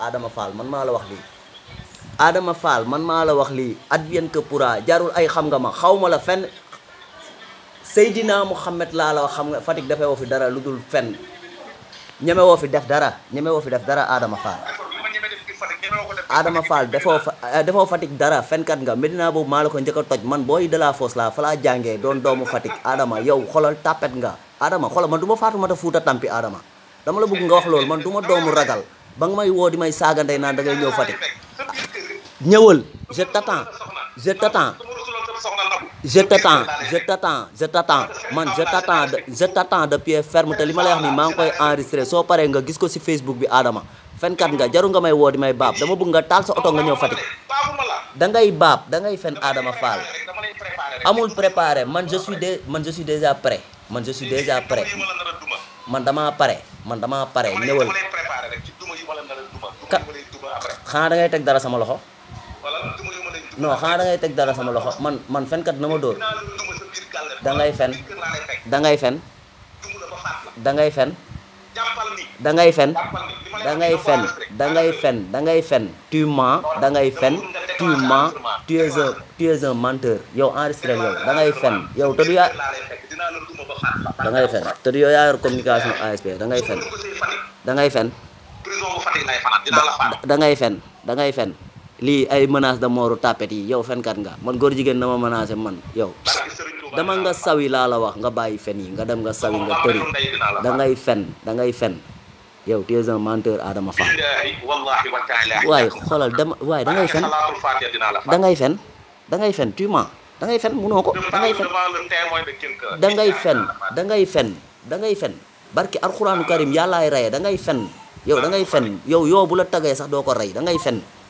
Adama Fall man maa la wax lii Adama man maa la wax lii advienne que pourra jarul ay xam nga ma xaw ma la fenn Seydina Mouhamed laa la wax xam nga Fatick dafay woo dara lu dul fenn ñeme def dara ñeme woo fi def dara Adama Fall Adama Fall defoo fa eh, defoo Fatick dara fenkat nga Medina boobu maa la a toj man boy de la foos laa fa laa jàngee doomu Fatick Adama yow xolal tàppet nga Adama xolal man du ma Fatoumata Fouta Tampi Adama dama la bëgg nga wax loolu man du doomu ragal bang may woo di may saagante naan da ngay ñëw Fatick ñëwal je t'attends je t'attends je t'attends je t'attends je t'attends man je t'attends de je t'attends de pied ferme te li ma lay wax ni maa koy enregistré soo paree nga gis ko si Facebook bi Adama fenkat nga jaru nga may woo di may baab dama bëgg nga taal sa oto nga ñëw Fatick da ngay baab da ngay fen Adama Fall amul prepare man je suis man je suis déjà prêt man je suis déjà prêt man dama pare man dama pare ñëwal xanaa da teg dara sama loxo non xanaa da teg dara sama loxo man man fenkat na ma dóor da fen dangay fen dangay fen da ngay fen da ngay fen da ngay fen da ngay fen tu dangay fen tu mens tu es un tu yow enregistré da ngay fen yow te du yaa da fen te da ngay fen fen dangay fen dangay ngay fen lii ay menace de mooru tapet yi yow fenkat nga man góor jigéen dama menacé man yow dama nga sawi laa la wax nga bàyyi fen yi nga dem nga sawi nga tëri dangay ngay fen da fen yow tu es un menteur Adama da ngay fen da ngay fen da munoo ko da ngay fen da ngay fen da ngay fen da ngay fen barki alxuraanu karim yàllaay raye da ngay fen yow ah. da ngay fen yow yoo bu la tagee sax doo ko rey da ngay fen